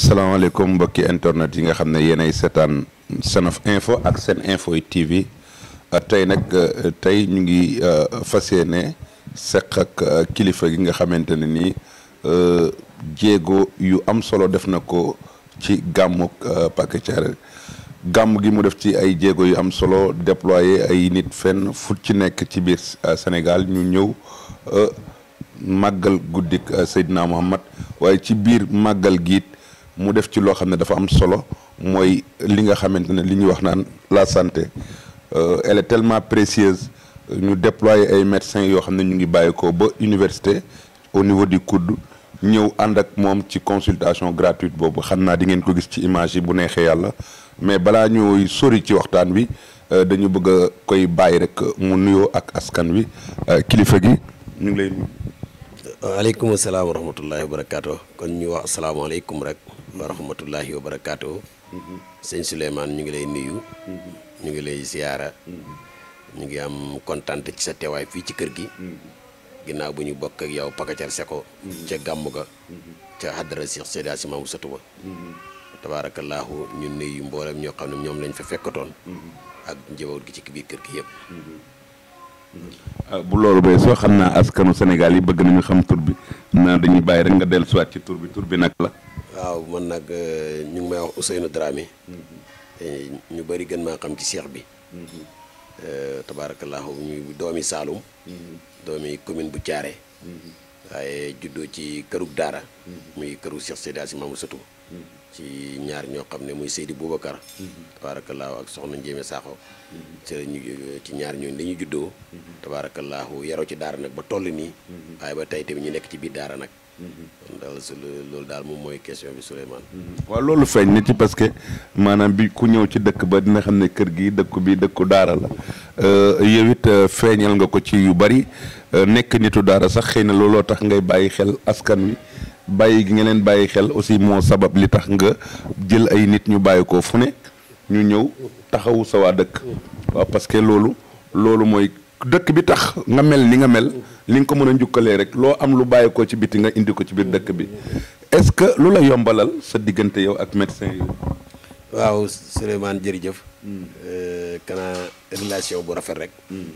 salaamaaleykum mbokki internet yi nga xam ne yenn yéenay seetaan Senaf info ak seen info TV tey nag tey ñu ngi euh, fas yéene seq ak euh, kilifa gi nga xamante ne nii euh, jéego yu am solo def na ko ci gàmmu Mbacké gàmm gi mu def ci ay jéego yu am solo déployé ay nit fenn fu ci nekk ci biir Sénégal ñu ñëw màggal guddik Seydina Muhammad waaye ci biir màggal giit mu def ci loo xam ne dafa am solo mooy li nga xamante ne li ñuy wax naan la santé euh, elle est tellement précieuse ñu déployer ay médecins yoo xam ne ñu ngi bàyyi ko ba université au niveau du COUD ñëw ànd ak moom ci consultation gratuite boobu xam naa di ngeen ko gis ci image yi bu neexee yàlla mais balaa ñuy sori ci waxtaan wi euh, dañu bëgg koy bàyyi rek mu nuyoo ak askan wi euh, kilifa gi ñu ngi lay nuyu. waaleykum salaam wa rahmatullahi wa kon ñu wax asalaamaaleykum rek. wa rahmatullahi wa barakaatu. sëñ Souleymane ñu ngi lay nuyu. ñu ngi lay ziyaara. ñu ngi am kontaan ci sa teewaay fii ci kër gi. ginnaaw bu ñu bokk ak yow Pakacar Seko. ca gàmmu ga. ca xaddara si ma Hadji Mamour Satuba. tabaarakallaahu ñu nuyu mboolem ñoo xam ne ñoom lañ fa fekkatoon. ak njaboot gi ci biir kër gi yëpp. Ah, bu loolu bay soo xam naa askanu Sénégal yi bëgg nañu xam tur bi naa dañuy bàyyi rek nga dellu si ci tur bi tur bi nag la. waaw mën nag euh, ñu ngi may wax Ousseynou Dramé. Mm-hmm. ñu bëri gën maa xam ci Cheikh bi. Mm-hmm. Euh, tabaarakallaahu ñu doomi Saalum. Mm-hmm. doomi commune bu caare waaye juddoo ci kërug daara muy këru Cheikh Seydi Aji Maamou Satou ci ñaar ñoo xam ne muy Seydi Boubacar tabaarakallaahu ak soxna Njéeme Sakho ci ñaar ñooñu dañuy juddoo tabaarakallaahu yaroo ci daara nag ba toll nii waaye ba tey tamit ñu nekk ci biir daara nag kon loolu daal moom mooy question bi Souleymane waa loolu feeñ na ci parce que maanaam bi ku ñëw ci dëkk ba dina xam ne kër gi dëkku bi dëkku daara la euh, yow it euh, feeñal nga ko ci yu bari euh, nekk nitu daara sax xëy na looloo tax ngay bàyyi xel askan wi bàyyi gi nga leen bàyyi xel aussi moo sabab li tax nga jël ay nit ñu bàyyi ko fu ne ñu ñëw taxawu sa waa dëkk waaw parce que loolu loolu mooy dëkk bi tax nga mel ni nga mel li nga ko mën a njukkalee rek loo am lu bàyyi ko ci biti nga indi ko ci biir dëkk bi est-ce que lu la yombalal sa diggante yow ak médecin yi waaw Souleymane jërëjëf. Hmm. Euh, kanaa relation bu rafet rek. Hmm.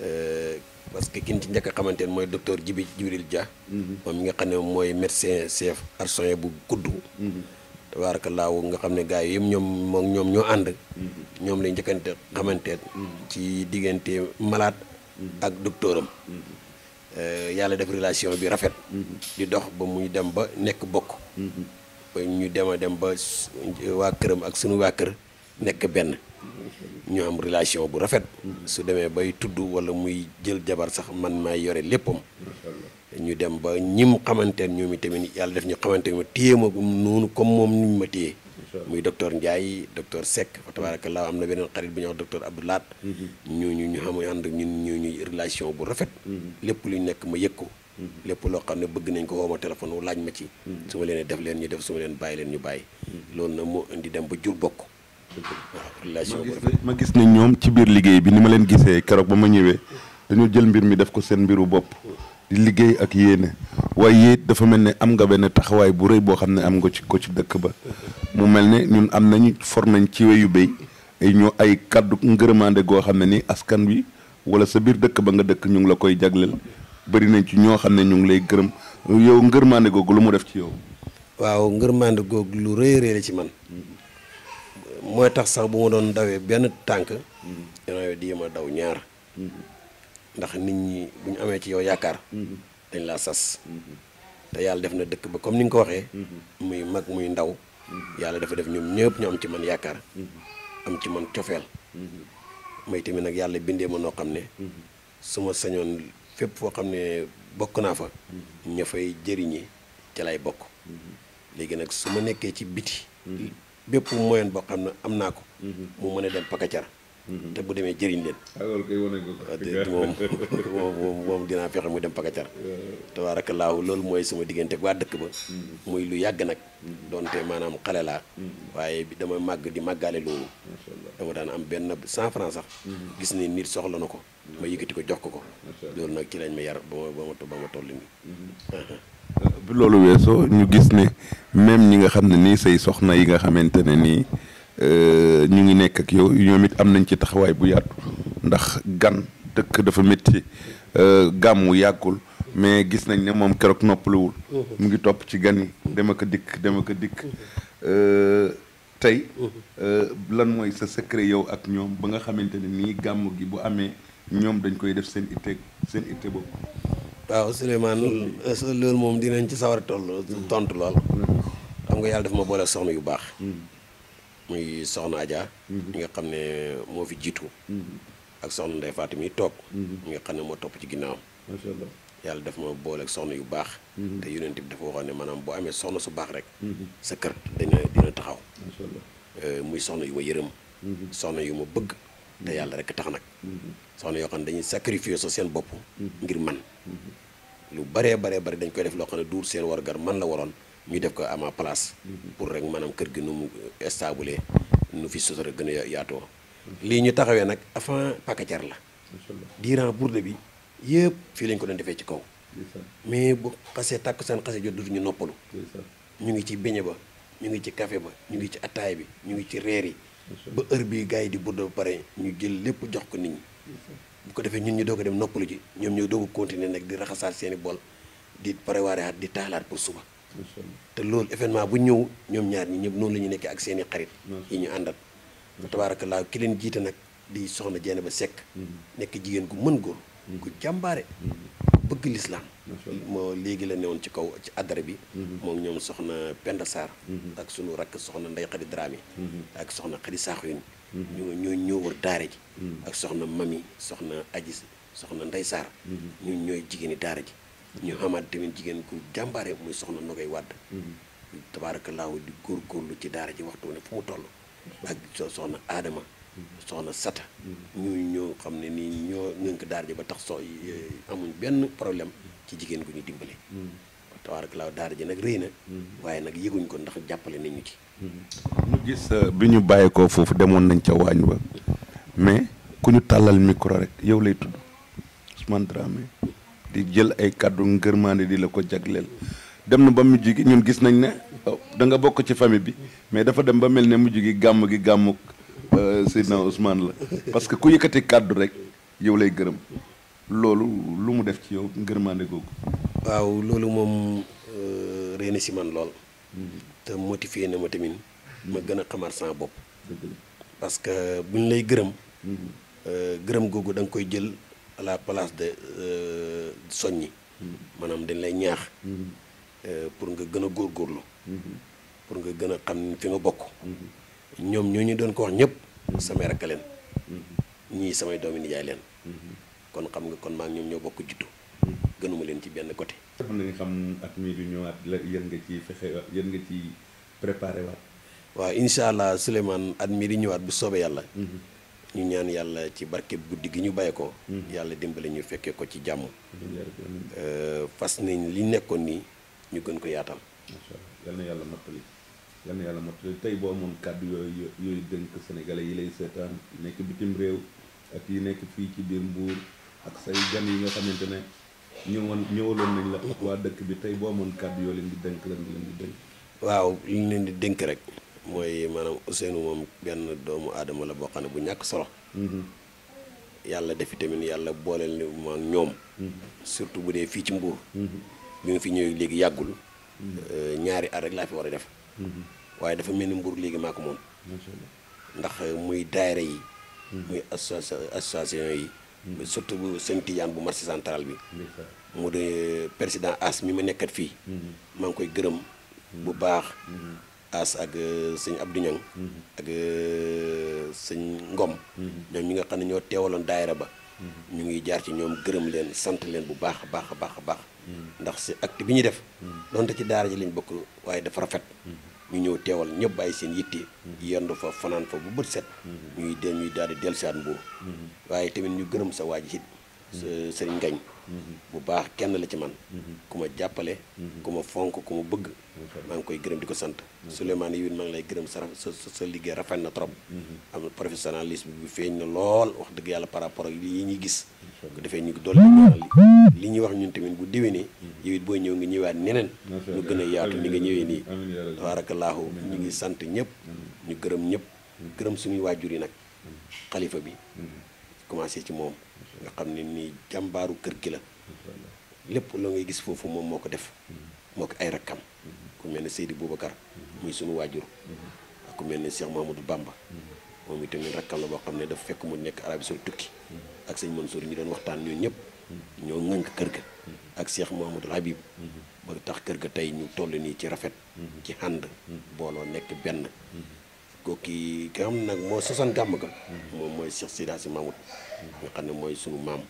Euh, parce que kin ci njëkk a xamante ne mooy docteur Djibi Djibril Dia. Mhm. moom mi nga xam ne mooy médecin chef arsoyen bu kuddu. Mhm. tabaaraka laaw nga xam ne gars yi yëpp ñoom moom ñoom ñoo ànd. Mhm. ñoom lañ njëkkante xamante ci diggante malade. ak docteuram euh, yàlla def relation bi rafet. di dox ba muy dem ba nekk bokk. ñu dem a dem ba waa këram ak suñu waa kër nekk benn. ñu am relation bu rafet su demee bay tudd wala muy jël jabar sax man maay yore léppam ñu dem ba ñim xamanteen ñoom itamit yàlla def ñu xamante ma téye ma noonu comme moom niñ ma téye muy docteur Ndiaye docteur Seck fa laa am na beneen xarit bu ñuy wax docteur Abdou Laat mhm. ñu ñu xam ànd ak ñun ñooñu relation bu rafet mhm. lépp lu ñu nekk ma yëg ko mhm. lépp loo xam ne bëgg nañ ko woo ma téléphone wu laaj ma ci su leen def leen ñu def su leen bàyyi leen ñu bàyyi loolu nag moo indi dem ba jur bokk ma gis ne ñoom ci biir liggéey bi ni ma leen gisee keroog ba ma ñëwee dañoo jël mbir mi def ko seen mbiru bopp di liggéey ak yéene waaye it dafa mel ne am nga benn taxawaay bu rëy boo xam ne am nga ci ko ci dëkk ba mu mel ne ñun am nañ for nañ ci weyu béy ay ñoo ay kàddu ngërëmaande goo xam ne ni askan wi wala sa biir dëkk ba nga dëkk ñu ngi la koy jagleel bari nañ ci ñoo xam ne ñu ngi lay gërëm yow ngërmaande googu lu mu def ci yow waaw ngërmaande man mooy tax sax bu ma doon dawee benn tànk mm-hmm. dinaa di ma daw ñaar mm-hmm. ndax nit ñi bu ñu amee ci yow yaakaar mm-hmm. dañ laa sas te yàlla def na dëkk ba comme ni nga ko waxee muy mag muy ndaw yàlla dafa def ñoom ñëpp ñu am ci man yaakaar am ci man cofeel may tamit nag yàlla bindee ma noo xam ne su ma sañoon fépp foo xam ne bokk naa fa ña fay jëriñi ca lay bokk léegi nag su ma nekkee ci biti bépp moyen boo xam ne am naa ko. Mhm. mu mën a dem pakacar mhm. te bu demee jëriñ leen. Ah, ah, moom moom moom dinaa fexe mu dem pakacar laaw loolu mooy sama diggante waa dëkk ba. Mhm. muy lu yàgg nag. donte maanaam xale laa. waaye bi dama màgg di màggaale loolu. dama daan am benn cent franc sax. gis ni nit soxla na ko. ma yëkkati ko jox ko ko. loolu nag ci lañ ma yar ba ma ba nii. Uh-huh. bi loolu weesoo ñu gis ne même ñi nga xam ne nii say soxna yi nga xamante ne nii euh, ñu ngi nekk ak yow ñoom it am nañ ci taxawaay bu yaatu ndax gan dëkk dafa métti euh, gàmmu yàggul mais gis nañ ne moom keroog noppaluwul mhm. mu ngi topp ci gan yi dama ko dikk dama ko dikk mhm. euh, tey mhm. lan mooy sa secret yow ak ñoom ba nga xamante ne nii gàmm gi bu amee ñoom dañ koy def seen it seen itte boobu waaw Souleymane hmm. loolu moom dinañ ci sawar a toll tontu lool hmm. xam nga yàlla daf ma boole soxna yu baax hmm. muy soxna Adja mi nga xam ne moo fi jiitu ak soxna Ndeye Fatou mi toog mi nga xam ne moo topp ci ginnaawam yàlla daf ma boole ak soxna yu baax te yonent bi dafa waxoon ne maanaam boo amee soxna su baax rek sa kër dina dina taxaw euh, muy soxna yu ma yërëm soxna yu ma bëgg te yàlla rek tax nag soxna yoo xam ne dañuy sacrifier sa seen bopp ngir man lu baree bare bari dañ koy def loo xam ne duur seen wargar man la waroon ñu def ko à ma place pour rek maanaam kër gi nu mu stable nu fi sosore gën a yaatoo lii ñu taxawee nag avant pakacar la diiran bourde bi yëpp fii lañ ko doon defee ci kaw mais bu xasee seen xase jot ñu noppalu ñu ngi ci beñe ba ñu ngi ci café ba ñu ngi ci attaay bi ñu ngi ci reer yi ba heure bii gars yi di budde ba pare ñu jël lépp jox ko nit ñi bu ko defee ñun ñu doog dem noppalu ji ñoom ñoo doog a nag di raxasaat seeni bool di prévoir at di taalaat pour suba te loolu événement bu ñëw ñoom ñaar ñi ñëpp noonu la ñu nekkee ak seeni xarit yi ñu àndal laa ki leen jiite nag di soxna Jeene ba Sekk mm-hmm. nekk jigéen gu mën góor mm-hmm. gu jàmbaare mm-hmm. bëgg lislaam moo léegi la newoon ci kaw ci addara bi mhm. moom ñoom soxna Penda Sarr mhm. ak suñu rakk soxna Ndey Xadi Dramé mhm. ak soxna Xadi Saaxuyin ñoo ñoo ñoo wër ji ak soxna mami soxna aji soxna Ndey Sarr ñun ñooy jigéeni daara ji ñu xamaat tamit jigéen ku jàmbaare muy soxna Nogay Wàdd tabaarakallaahu di góor góorlu ci daara ji waxtu ne fu mu toll ak soxna Aadama soxna sata ñu ñoo xam ne nii ñoo ngënk daara ji ba tax so amuñ benn problème ci jigéen ko ñu dimbale mm. tabaarakalaa daara ji nag rëy na mm. waaye nag yëguñ ko ndax jàppale nañu ci mm. ñu gis euh, bi ñu bàyyi ko foofu demoon nañ ca waañ ba mais ku ñu tàllal micro rek yow lay tudd Ousmane Dramé di jël ay kàddu ngërmaande di la ko jagleel dem na ba mujj gi ñun gis nañ ne oh, danga bokk ci famille bi mais dafa dem ba mel ne mujj gi gàmm gi gàmmuk Euh, Seydina Ousmane la parce que ku yëkkati kàddu rek yow lay gërëm loolu lu mu def ci yow ngërëmaande googu. waaw loolu moom euh, rëy si man lool. te motivé ne ma tamit ma gën a xamaat sama bopp. parce que buñ lay gërëm. Euh, gërëm googu da nga koy jël la place de soññi. maanaam dañ lay ñaax. pour nga gën a góorgóorlu. pour nga gën a xam fi nga bokk. ñoom ñoo ñu doon ko wax ñëpp samay rakk leen ñii samay doomi nijaay leen kon xam nga kon maa ñoom ñoo bokk juddu gënuma leen ci benn côté. xam nañu xam at mii du ñëwaat waaw incha allah Souleymane at mii di ñëwaat bu soobee yàlla. Mhm. ñu ñaan yàlla ci barkeb guddi gi ñu bàyyi ko. Mhm. yàlla dimbale ñu fekkee ko ci jàmm. Euh, fas nañ li nekkoon nii ñu gën ko yaatal. macha allah yal yal yàlla mottali tey boo amoon kàddu yooyu yooyu dénk sénégalais yi lay seetaan yi nekk bitim réew ak yi nekk fii ci biir mbuur ak say gan yi nga xamante ne ñëwoon ñëwaloon nañ la ak waa dëkk bi tey boo amoon kàdd yoo leen di dénk lan nga leen di dénk waaw li leen di dénk rek mooy maanaam Ousseynou moom benn doomu aadama la boo xam ne bu ñàkk solo mm-hmm. yàlla defi tamit yàlla booleel ni ma ñoom mm-hmm. surtout bu dee fii ci mbuur mm-hmm. bi nga fi ñëwee léegi yàggul euh, ñaari ar rek laa fi war a def waaye dafa mel ni Mbour léegi maa ko moom ndax euh, muy daayira yi hmm. muy association yi hmm. surtout bu sëñ Tidiane bu marché central bi mu de euh, président ass mi ma nekkat fii hmm. maa ngi koy gërëm bu baax As ak euh, sëñ Abdou Niang ak sëñ Ngom ñoom ñi nga xam ne ñoo teewaloon daayira ba ñu ngi jaar ci ñoom gërëm leen sant leen bu baax a baax a baax a baax ndax si acte bi ñu def donte ci daara ji lañ bokk waaye dafa rafet ñu ñëw teewal ñëpp bàyyi seen yitte mm-hmm. yendu fa fanaan fa bu bët set mm-hmm. ñuy dem ñuy daal di dellusiwaat mboo mm-hmm. waaye tamit ñu gërëm sa waa ji it ngañ bu baax kenn la ci man ku ma jàppale ku ma fonk ku bëgg maa ngi koy gërëm di ko sant Souleymane yi maa lay gërëm sa sa sa liggéey rafet na trop am professionnalisme bi feeñ na lool wax dëgg yàlla par rapport yi ñuy gis defee ñu doole li ñuy wax ñun tamit bu déwénee mm-hmm. yow it booy ñëw nga ñëwaat neneen ñu gën a yaatu ni nga ñëwee nii tabaarakallaahu ñu ngi sant ñëpp mm-hmm. ñu gërëm ñëpp mm-hmm. gërëm suñuy waajur yi nag xalifa bi commencé ci moom nga xam ne ni jàmbaaru kër ki la lépp la ngay gis foofu moom moo ko def moo ko ay rakkam ku mel ne Seydi Boubacar muy suñu waajur ak ku mel ni ne Cheikh Mamadou Bamba moom itamit rakkam la boo xam ne dafa fekk mu nekk Arabie Saoudite tukki ak sëñ Mansour ñu doon waxtaan ñoo ñëpp ñoo ŋënk kër ga ak moom Mouhamadoul Habib ba tax kër ga tey ñu toll nii ci rafet ci ànd booloo nekk benn kooki nga xam nag moo sosan gàmm ga moom mooy Cheikh Sida si Mamoud nga xam ne mooy sunu maam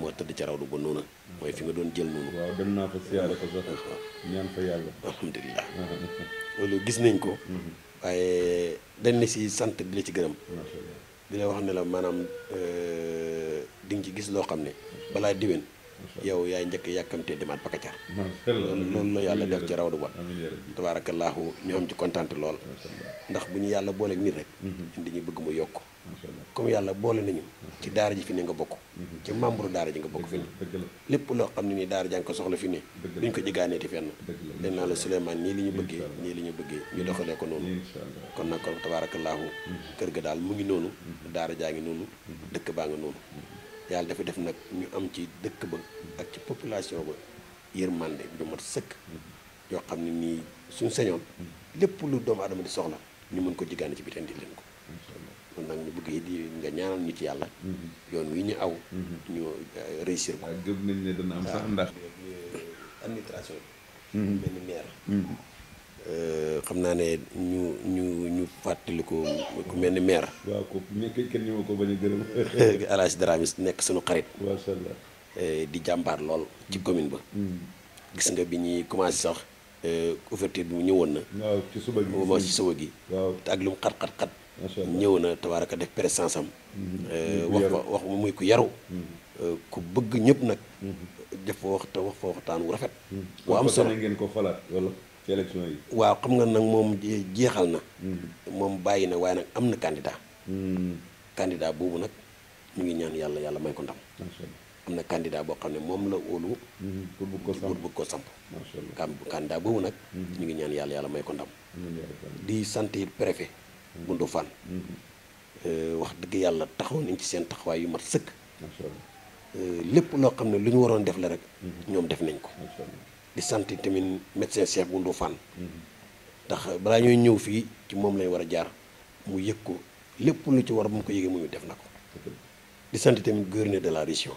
moo tëdd ca rawdu ba noonu mooy fi nga doon jël noonu naa fa siyaare ko sax ñaan fa yàlla gis nañ ko waaye dañ la si sant di la ci gërëm di la wax ne la euh, di nga ci gis loo xam ne balaa diwén yow yaay njëkk yàkkamtee demaat pakacar loolu la yàlla def ci raw rawdu ba tabaarakallaahu ñu am ci kontaan lool ndax bu ñu yàlla booleeg nit rek mhm. indi ñu bëgg mu yokk comme yàlla boole nañu ci daara ji fi ne nga bokk mhm. ci membre daara ji nga bokk fi ne lépp loo xam ne nii daara jaa ngi ko soxla fi ne duñ ko jigaaneeti fenn dañ naa la Souleymane nii li ñu bëggee nii li ñu bëggee ñu doxalee ko noonu kon nag kon tabaarakallaahu mhm. kër ga daal mu noonu daara jaa ngi noonu dëkk baa yàlla dafa def nag ñu am ci dëkk ba ak ci population ba yërmande du mat sëkk yoo xam ne nii suñ sañoon lépp lu doomu adama di soxla ñu mën ko jiggaane ci biteen di leen ko kon nag ñu bëgg di nga ñaanal ñu ci yàlla yoon wi ñu aw ñu euh, réussir ko gëm nañ bi mel hmm. ni maire hmm. Euh, xam naa ne ñu ñu ñu fàttali ko ku mel ni maire. waaw ko nekk kenn ñu ko bañ a gërëm. El Hadj Dramé nekk suñu xarit. Euh, di jàmbaar lool ci commune ba. Mm. gis nga bi ñuy commencé sax euh, ouverture bi mu ñëwoon na. waaw ci suba gi moom ci suba gi. waaw te ak lu mu xat xat xat. macha allah ñëw na tabaaraka def présence am. Mm-hmm. wax ko wax muy ku yaru. Mm-hmm. ku bëgg ñëpp nag. Mm-hmm. def wax te wax fa waxtaan wu rafet. bu am solo ngeen ko ci waaw xam nga nag moom jeexal na. Hmm. moom bàyyi na waaye nag am na candidat. Hmm. candidat boobu nag mu ngi ñaan yàlla yàlla may ndam. am na candidat boo xam ne moom la óolu. Hmm. pour ko samp pour boobu nag. ñu ngi ñaan yàlla yàlla may ko ndam. di sant it préfet. bu Ndofane. Euh, wax dëgg yàlla taxaw nañ ci seen taxawaay yu mat sëkk. Euh, lépp loo xam ne lu ñu waroon def la rek. ñoom def nañ ko. di sant tamit médecin chef bu Ndofane tax balaa ñooy ñëw fii ci moom lañ war a jaar mu yëg ko lépp lu ci war bu mu ko yëgee mu ñu def na ko di sant tamit gouverneur de la région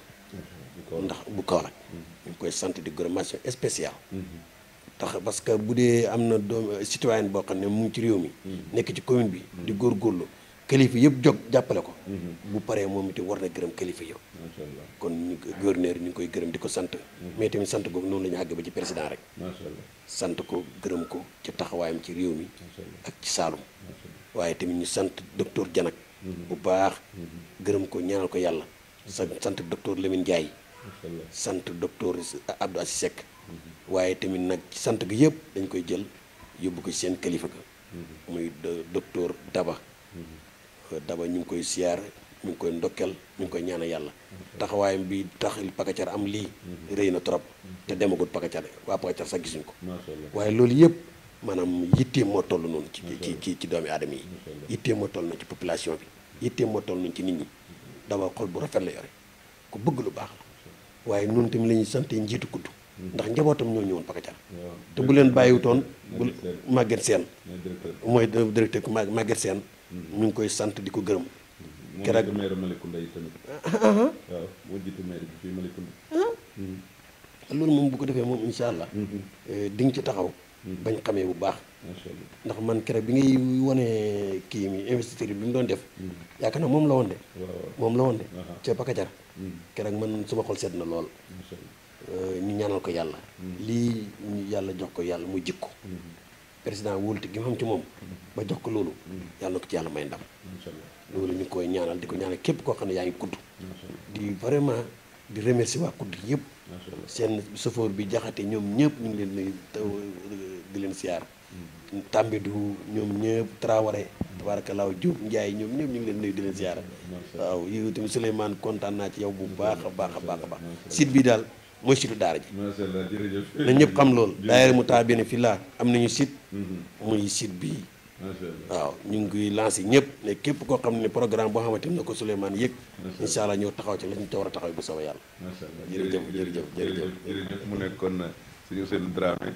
ndax bu Kaolack ñu ngi koy sant di gërëmation spéciale tax parce que bu dee am na doom citoyen boo xam ne mu ci réew mi nekk ci commune bi di góorlu kilifa yëpp jóg jàppale ko. Mhm. bu paree moom itam war na gërëm kilifa yëpp. kon ñu gouverneur ñu ngi koy gërëm di ko sant. Mhm. mais tamit sant googu noonu lañu ñu àgg ba ci président rek. macha sant ko gërëm ko ci taxawaayam ci réew mi. ak ci Saalum. waaye tamit ñu sant docteur Janak. Mhm. bu baax gërëm ko ñaanal ko yàlla. sa sant docteur Lamine Ndiaye. sant docteur Abdou Aziz waaye tamit nag ci sant gi yëpp dañ koy jël yóbbu ko ci seen kilifa ga muy docteur Daba. daba ñu ngi koy siyaar ñu ngi koy ndokkel ñu ngi koy ñaanal yàlla taxawaayam bi tax Pakacar am lii rëy na trop te demagut Pakacar waa Pakacar sax gisuñ ko waaye loolu yëpp maanaam yittee moo toll noonu ci ci ci ci doomi aadama yi yittee moo toll noonu ci population bi yittee moo toll noonu ci nit ñi daba xol bu rafet la yore ku bëgg lu baax la waaye noonu tamit la ñuy sante njiitu kudd ndax njabootam ñoo ñëwoon Pakacar te bu leen bàyyiwutoon bu Maguette Sène mooy directeur Maguette Sène ñu ngi koy sant di ko gërëm. keroog moom maire Malicounda yi uh-huh. moo jiitu maire uh-huh. hmm. loolu moom bu ko defee moom incha allah. Hmm. Eh, di nga ci taxaw. Hmm. bañ xamee bu baax. ndax man keroog bi ngay wane kii mi investisseur bi mu doon def. yaakaar naa moom la woon de. moom la woon de. Uh-huh. ca Pakajar. keroog man suma xol sedd na lool. Eh, ñu ñaanal ko yàlla. lii ñu yàlla jox ko yàlla mu jikko président wóolute gi ma xam ci moom. ba jox ko loolu yàlla ko ci yàlla may ndam loolu ñu koy ñaanal di ko ñaanal képp koo xam ne yaa ngi kudd di vraiment di remercier waa kudd yëpp seen sofoor bi jaxate ñoom ñëpp ñu ngi leen nuyu mm. di leen siyaar mm. tàmbidu ñoom ñëpp Traoré mm. tabaarakallaahu Diop Ndiaye ñoom ñëpp ñu ngi leen nuyu di leen siyaara waaw yow tamit Souleymane kontaan naa ci yow bu baax a baax a baax a baax site bi daal mooy situ daara ji na ñëpp xam loolu daayira mu taa bi ne fi laa am nañu site mm-hmm. muy site bi waaw ñu ngi koy lancé ñëpp ne képp koo xam ne programme boo xamante na ko Souleymane yëg incha allah ñëw taxaw ci la ñu ca war a taxaw bu soobee yàlla jërëjëf jërëjëf jërëjëf jërëjëf mu nekkoon suñu Ousseynou Dramé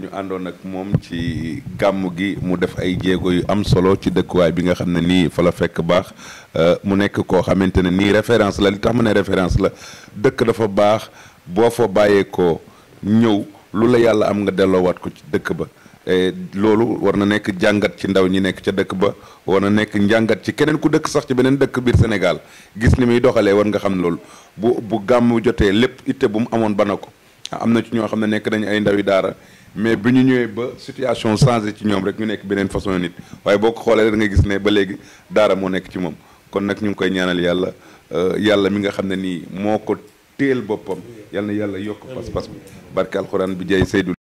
ñu àndoon ak moom ci gàmm gi mu def ay jéego yu am solo ci dëkkuwaay bi nga xam ne nii fa la fekk baax euh, mu nekk koo xamante ne nii référence la li tax mu ne référence la dëkk dafa baax boo fa bàyyeekoo ñëw lu la yàlla am nga delloowaat ko ci dëkk ba eh, loolu war na nekk jàngat ci ndaw ñi nekk ca dëkk ba war na nekk njàngat ci keneen ku dëkk sax ci beneen dëkk biir Sénégal gis ni muy doxalee war nga xam ne loolu bu bu gàmm jotee lépp itte bu mu amoon bana ko ah, am na ci ñoo xam ne nekk nañu ay ndawi daara mais bi ñu ñëwee ba situation changé ci ñoom rek ñu nekk beneen façon nit waaye boo ko xoolee da gis ne ba léegi daara moo nekk ci moom kon nag ñu ngi koy ñaanal yàlla eh, yàlla mi nga xam ne nii moo ko téel boppam yàlla yàlla yokk pas bi barke alxuraan bi jaay Seydou.